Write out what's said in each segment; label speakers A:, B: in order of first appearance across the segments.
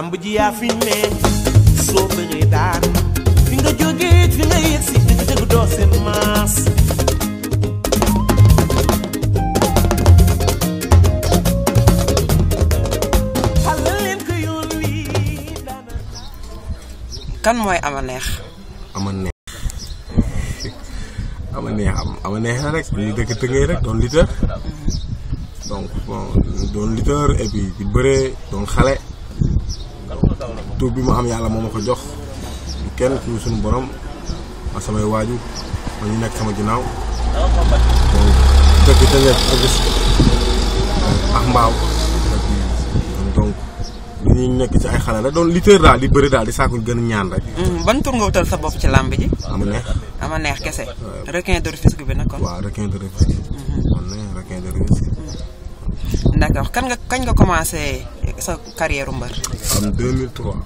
A: làmb ji yaa fi meñ soo
B: bëree daan fi nga jógee fi nga yegg si dëgg dëgg doo seen maas kan mooy ama neex
A: ama neex ama neex am ama neex la rek ñu dëkk tëngee rek doon lutteur donc bon doon lutteur et puis di bëree doon xale tuub bi ma am yàlla moo ma ko jox kenn ku suñu borom samay waaju ma ñu nekk sama ginnaaw dëkk tëngeet ak ak mbaaw donc ñi nekk ci ay xale la doon lutteur daal di bëri daal di saako gën ñaan rek. Hmm, ban tur nga wutal sa bopp ci làmb ji. ama neex
B: ama neex kese. requin de bi nag kon. waaw requin de hmm. man requin de hmm. d' accord kan nga kañ nga commencé sa carrière mbër.
A: am 2003. 2003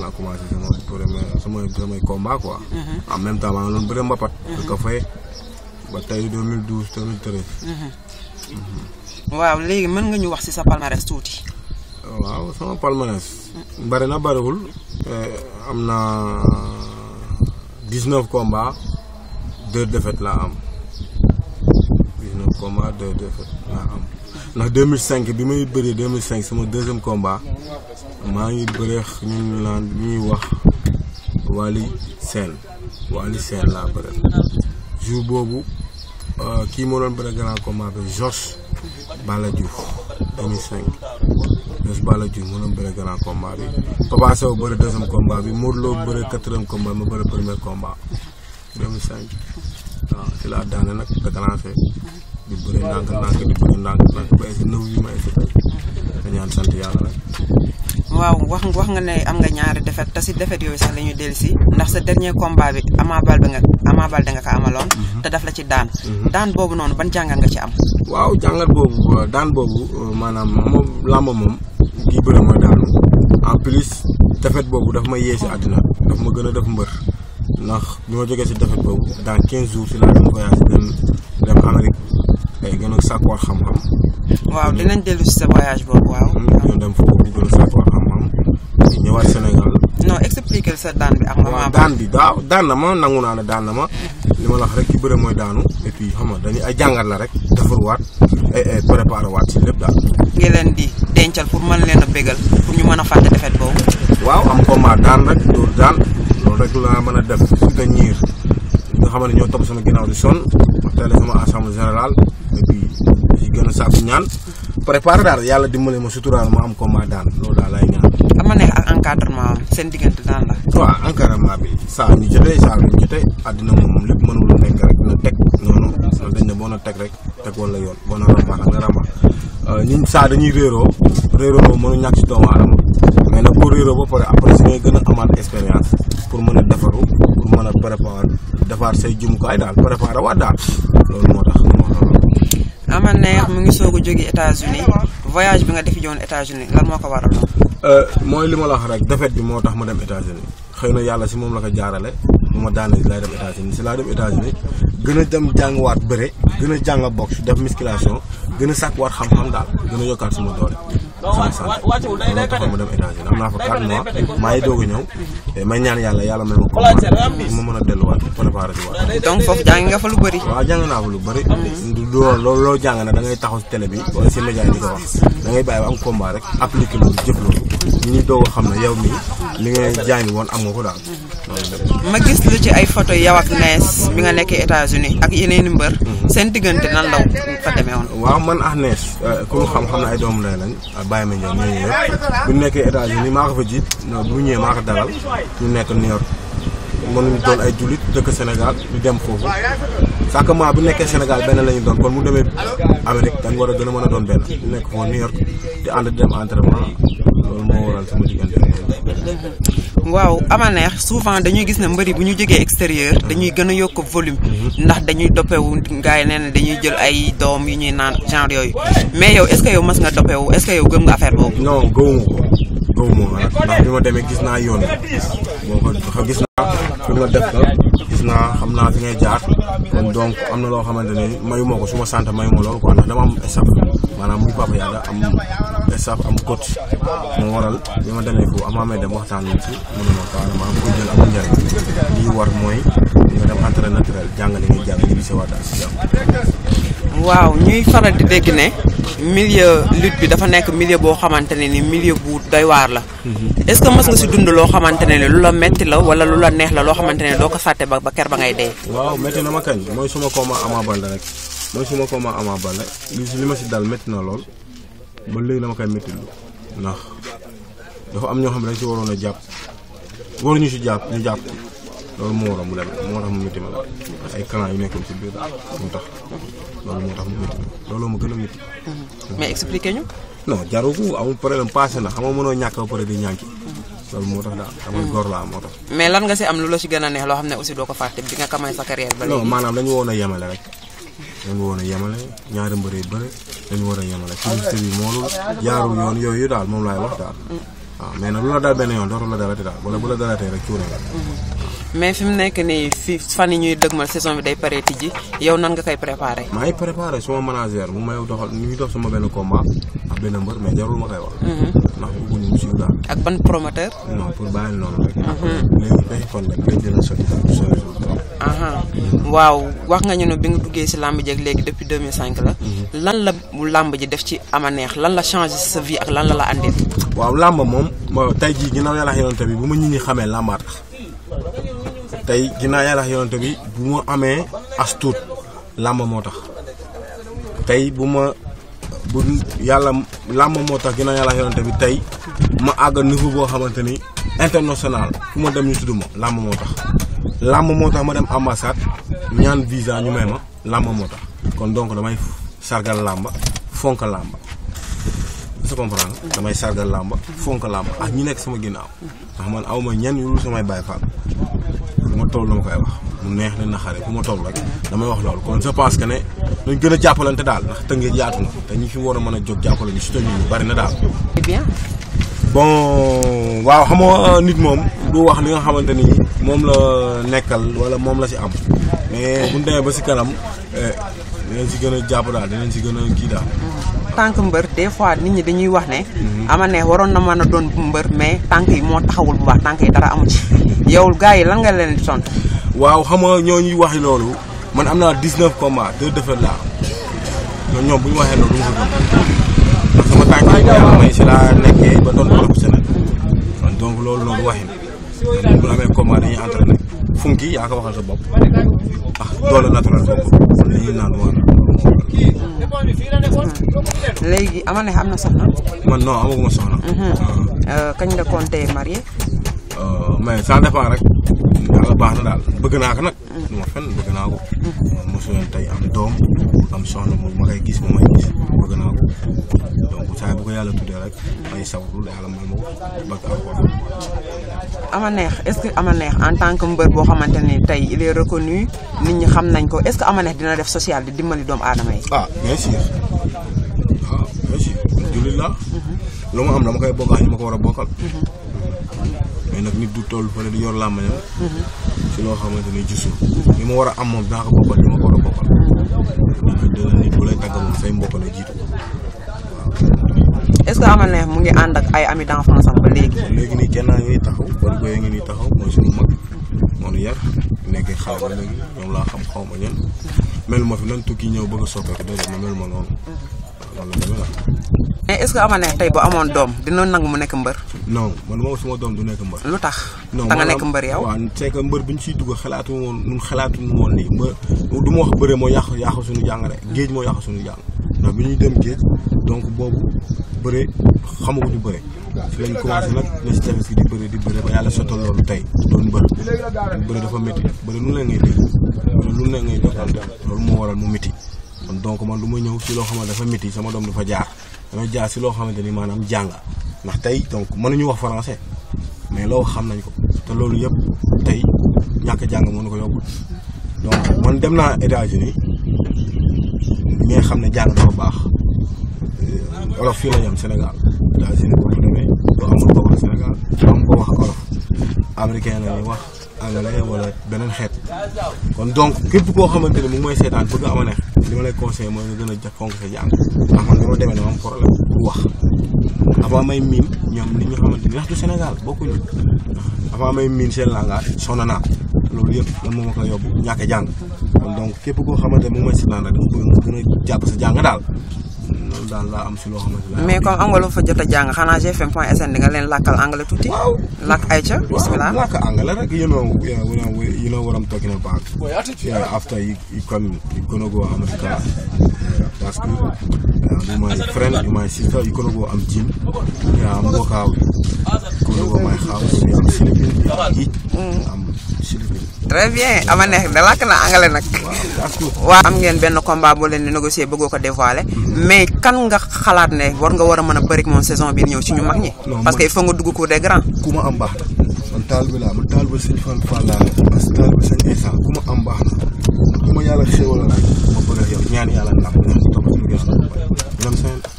A: 2004. laa commencé sama premier sama premier combat quoi. Mhm. en même temps maa ngi doon bëre mbapat. Mhm. di ko fay ba tey 2012 2013. Mhm. waaw léegi mën nga ñu wax si sa palmarès tuuti. waaw sama palmarès. bari na bariwul. Eh, am na 19 komba deux défaites laa am 19 combats deux défaites laa am. ndax 2005 bi may bëree 2005 sama deuxième combat maa ngi bëreex ñu laan ñuy wax Wally Sène Wally Sène laa bëre jour boobu euh, kii moo doon bëre grand combat bi Jos Balla Diouf 2005 Jos Balla Diouf moo doon bëre grand combat bi Papa Sow bëre deuxième combat bi Modou Lo bëre quatrième combat ma bëre premier combat 2005 waaw ci laa daane nag déclenché di bëri ndànk ndànk di bëri ndànk ndànk ba egg nëw yi ma egg ñaan sant yàlla rek waaw wax
B: wax nga ne am nga ñaari defet te si defet yooyu sax la ñuy ndax sa dernier combat bi Ama Baldé nga Ama nga ko te daf la ci daan mhm. daan ban nga ci am
A: waaw euh, euh, daan en plus defet boobu daf ma yee si daf ma gën def mbër ndax defet dans quinze jours si laa dem voyage dem dem day gën a sàkkuwaat xam-xam. waaw dinañ dellu si sa voyage boobu waaw. Hmm, ñu dem foofu di gën a xam-xam di ñëwaat Sénégal. non expliquer sa daan bi ak maman. daan bi daaw daan na ma nangu naa ne daan na ma. li ma la wax rek ci bëre mooy daanu et puis xam nga dañuy ay jàngat la rek defarwaat ay préparé waat si lépp daal. ngi leen di dencal pour mën leen a bégal pour ñu mën a fàtte defet boobu. waaw am combat daan rek dóor daan loolu rek laa mën a def si ñiir nga ñoo topp sama ginnaaw di sonn ma teel sama assemblée générale gën a sàkku ñaan préparé daal yàlla dimbale ma suturaal ma am combat daan loolu daal lay ñaan ama nekk ak encadrement am seen diggante la waaw encadrement bi saa ñu jotee saa ñu jotee àddina moom lépp mënul nekk rek na teg noonu dañ ne boo na rek teg wala yoon boo rama nga rama ñun saa dañuy réeroo réeroo moom mënu ñàkk ci doomu aadama mais nag ba après ngay expérience pour pour préparer say préparer ama neex mu ngi soog a jóge États-Unis voyage bi nga defi joon États-Unis lan moo ko waral. Euh, mooy li ma la wax rek defet bi moo tax ma dem États-Unis xëy na yàlla si moom la ko jaarale bu ma daane lay dem États-Unis si laa dem États-Unis gën a dem jàngwaat bëre gën a jàng boxe def musculation gën a sàkkuwaat xam-xam daal gën a yokkaat sama doole. wàccewul day day pete mu dem états naa fa 4 mois maa ngi doog a ñëw eh, may ñaan yàlla yàlla may ma ko ma mën a delluwaat préparé si waat donc foofu jàng nga fa lu bëri waaw jàng naa fa lu bëri du loolu loo jàng na da ngay taxaw si bi wala si média yi wax da ngay bàyyi ba am combat rek appliqué loolu jëf loolu ñuy doog a xam ne yow mii li nga jàngi woon am nga ko daal. ma gis lu ci ay photo yow ak Ness bi nga nekkee états uni ak yeneen mbër. seen diggante nan law fa demee woon. waaw man ak Ness euh, ku xam xam na ay doomu ndey lañ bàyyi ma ñoom ñooñu yëpp bu nekkee États-Unis maa ko fa jiit bu ñëwee maa ko dalal ñu nekk New mon ñu doon ay julit dëkk Sénégal ñu dem foofu sàkkament bu nekkee Sénégal benn lañu doon kon mu démé Amérique dañ wara gëna mëna doon benn nekk fo New York di and dem entraînement lool mo waral sama digënté
B: waaw amaneex souvent dañuy gis ne mbëri bu ñu jógee extérieur dañuy gëna a yokk volume mhm. ndax dañuy doppewu wu gaay nee dañuy jël ay doom yu ñuy naan genre yooyu mais yow est ce que yow mas nga wu est ce que yow gëm nga affaire boobu non gëwuma ko gëwuma
A: ko ndax bi ma demee gis naa yoon boo ko gis naa pour nga def ko gis naa xam naa fi ngay jaar kon donc am na loo xamante ne ko su ma sant mayu ma loolu quoi ndax dama am staff ma demee foofu amaamee dem waxtaan nañ ci mu ne ma carrément am koy jël amul njëriñ lii war mooy nga dem entraînement naturel jàng li ngay jàng ñu gisee waat daal si jàmm. waaw ñuy faral di dégg ne.
B: milieu lutte bi dafa nekk milieu boo xamante ni milieu bu doy waar la. Mhm. est-ce que mës nga si dund loo xamante ne lu la metti la wala lu la neex la loo xamante ne doo ko fàtte ba ba ker ba ngay dee. waaw métti na ma kañ mooy suma kooma
A: Ama Baldé rek mooy suma kooma Ama Baldé li li ma si daal métti na lool ba léegi dama koy métti lu ndax dafa am ñoo xam ne dañ si waroon a jàpp waruñu si jàpp ñu jàpp loolu moo waral mu dem moo tax mu métti ma la ay clan yu nekkoon si biir moo tax loolu moo tax mu métti ma loolu moo gën a métti. Mm-hmm. mais expliqué ñu. non jaru ko amul problème passé na xam nga mënoo ñàkk ba pare di ñànki loolu moo tax daal damay góor laa moo tax.
B: mais lan nga si am lu la si gën a neex loo xam ne aussi doo ko fàtte bi nga kamay sa carrière ba léegi. a yemale
A: woon a yemale ñaari mbër yu bëri dañu war a yemale publicité bi moolul jaarul yoon yooyu daal moom laay wax daal. Mm. waaw mais nag lu la dal benn yoon dootul la dalati daal wala bu la dalatee rek cuune nga.
B: Mm-hmm. mais fi mu nekk nii fi fan yi ñuy dëgmal saison bi day paree tijji yow nan nga koy
A: préparé maa préparer préparé suma manager bu may doxal ñu ngi dox sama benn combat ak benn mbër mais jarul ma koy wax mhm. ndax bu ñu suñu daal ak ban promoteur non pour bàyyi noonu rek mhm. léegi day fan rek day jël sa aha
B: waaw wax nga ñu ne bi nga duggee si lamb ji ak léegi depuis 2005 la mhm. lan la bu lamb ji def ci ama neex lan la changer sa vie ak lan la la andil
A: waaw lamb moom tey jii ginnaaw yàlla yonante bi bu ma nit ñi xamee lambaat tey ginnaaw la yonante bi bu mo amé as lamb làmb moo tax tey bu ma bu yalla lamb moo tax ginnaaw yàlla bi tay ma aga nufu bo xamanteni international fu ma dem ñu tudd ma làmb moo tax. ma dem ambassade ñaan visa ñu mayma lamb làmb tax kon donc damay sargal lamb fonk lamb sa comprendre damay sargal lamb fonk lamb ak ñi nek sama ginaaw ndax man awma ñen yu sama bay fa lu ma toll dama koy wax mu neex ne na xare ku ma toll rek damay wax loolu kon je pense que ne dañ gën a jàppalante daal ndax tëngee yaatu na te ñi fi war a mën a jóg jàppale ñu si ñu bari na daal. Eh bien. bon waaw xam nga nit moom du wax li nga xamante ni moom la nekkal wala moom la si am mais demee ba si kanam eh, dinañ si gën a jàpp daal dinañ si gën a kii daal.
B: tànk mbër des fois nit ñi dañuy wax ne. Mhm. ama ne waroon na mën a doon mbër mais tànk yi moo taxawul bu baax tànk yi dara amu ci. yowul gars yi lan nga leen di waaw xam nga ñoo ñuy
A: wax loolu man am naa 19 combats deux défaites laa am ñoom bu waxee loolu du ma ko gëm ndax sama tànk yi may si laa doon professionnel donc loolu noonu waxin bu ñu amee combat dañuy
B: entraîné funki yaa ko waxal sa bopp ndax doole naturel boobu léegi ama ne am na soxna.
A: man non amaguma soxna.
B: Mhm. Ah. Euh, kañ nga compté marié.
A: mais ça dépend rek yàlla baax na daal bëgg naa ko nag du ma bëgg naa ko mosuñu tey am doom am soxna moom ma koy gis moom may gis bëgg naa ko donc saa bu ko yàlla tuddee rek may sabru yàlla may ma ko barke alxuraan
B: ama neex est ce que ama neex en tant que il est reconnu nit ñi xam nañ ko est ce que ama neex dina def social di dimbali doomu aadama ah
A: bien sûr ah bien sûr jullit mhm. lu ma am dama koy mais nak nit du toll fa di yor làmmañam ci mhm. lo xamanteni xamante ni mo wara am mom da nga ko boppal li ko do a boppal mhm. la nit bu lay tagam moom say mbokk la jitu est ce que amal neex
B: mu ngi and ak ay ami d'enfance ba legui legui ni kenn
A: ngi taxaw kon goye ngi ni taxaw mo suñu mag mo moonu yar nek xawa ba ñom la xam xawma ñen mel ma mhm. fi lan tukki ñew bëgg a do mel ma non
B: Eh, est ce que amane tay bo amone dom
A: dino nang mu nek mbeur non man mo suma dom du nek mbeur lutax da nga nek mbeur yow wa c'est que mbeur buñ ci dugg xalaatu won ñun xalaatu ñu won li mbeur du mo wax beure mo yaax yaax suñu jangale geej mo yaax suñu jang ndax biñu dem geej donc bobu beure xamugo ñu beure fi lañ commencé nak ne ci tafis di beure di beure ba yalla sotal lool tay doon mbeur beure dafa metti beure nu la ngay def beure lu la ngay def lool mo waral mu metti donc man lu ma ñëw si loo xamante dafa métti sama doom du fa jaar damay jaar si loo xamante ni maanaam jànga ndax tey donc mënuñu wax français mais loolu xam nañ ko te loolu yëpp tey ñàkk jàng mënu ko yóbbu donc man dem naa États-Unis ñi nga xam ne jàng dafa baax euh, olof fii la ñu Sénégal États-Unis boo ko demee doo am ko wax Sénégal doo ko wax olof américain wax anglais wala beneen xeet kon donc képp koo xamante ne mu mooy seetaan bëgg am a neex li ma lay conseillé mooy nga gën a fonk sa jàng ndax man dama demee dama am problème avant may miin li ñu xamante ni may miin seen langage sonn naa loolu yëpp lan moo ma ko yóbbu ñàkk jàng kon donc képp koo xamante ne mu mooy seetaan rek dama bëgg nga gën a jàpp sa jàng daal daal laa am si loo xamante ne. mais comme am
B: fa jot a jàng xanaa GFM point sn di nga leen lakkal angale tuuti. waaw lakk ayca bisimilah. lakk angale
A: rek you know you know what I'm talking about. yeah after you you come you gonna go America. that's good. Yeah, my friend, my sister, you gonna go. am gym. Yeah, I'm work out. Gonna go my house. Yeah, I'm sleeping. Eat. Mm. I'm très bien ama neex da làkk na
B: angale nag. waaw am ngeen benn combat boo leen di négocier bëggoo ko dévoiler. Mm-hmm. mais kan nga xalaat ne war nga war a mën a bëri moom saison bi ñëw ci ñu mag ñi. parce que il faut nga dugg ko des grands. ku ma
A: am baax na bi laa man taal ba sëñ Fan Fall laa parce que ba sëñ Issa ku ma am baax na ma yàlla xéwal na ma bëgg a yow ñaan yàlla ndax ñoom sama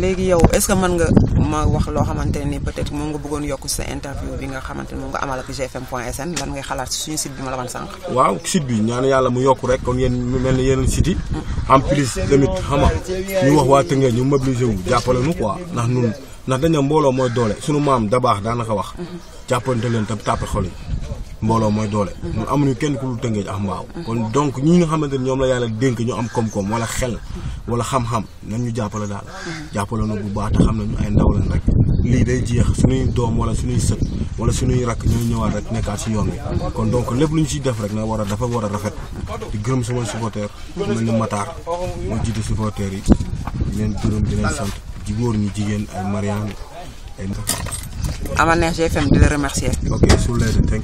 B: légui yow est ce que man nga ma wax lo xamanteni ni peut être mo nga bëggone yokk sa interview bi nga xamanteni mo nga amal ak gfm.sn lan ngay xalaat ci suñu
A: site bi ma la wan sank waaw site bi ñaan yàlla mu yokk rek comme yeen melni yeen site en plus tamit xama ñu wax waa tënge ñu mobilisé wu jappalé nu quoi ndax nun ndax dañu mbolo moy doole sunu maam da naka wax jàppante leen tam tàppe xol yi mbooloo doole amuñu kenn ku lu tëngeej ak ah, mbaaw kon donc ñi nga xamanteni ñom la yàlla denk ñu am kom kom wala xel wala xam-xam nan ñu jàppale daal jàppale na bu baax te xam nañu ay ndaw lañ lii day jeex suñuy doom wala suñuy sët wala suñuy rakk ñooy ñëwaat rek nekkaat si yoon bi kon donc lépp lu ñu siy def rek na war a dafa war a rafet di gërëm sama supporter mel ni Matar moo jiite supporter yi di leen gërëm di leen sant ji góor ñi jigéen ay Mariane ay Ama Neex GFM di la remercier ok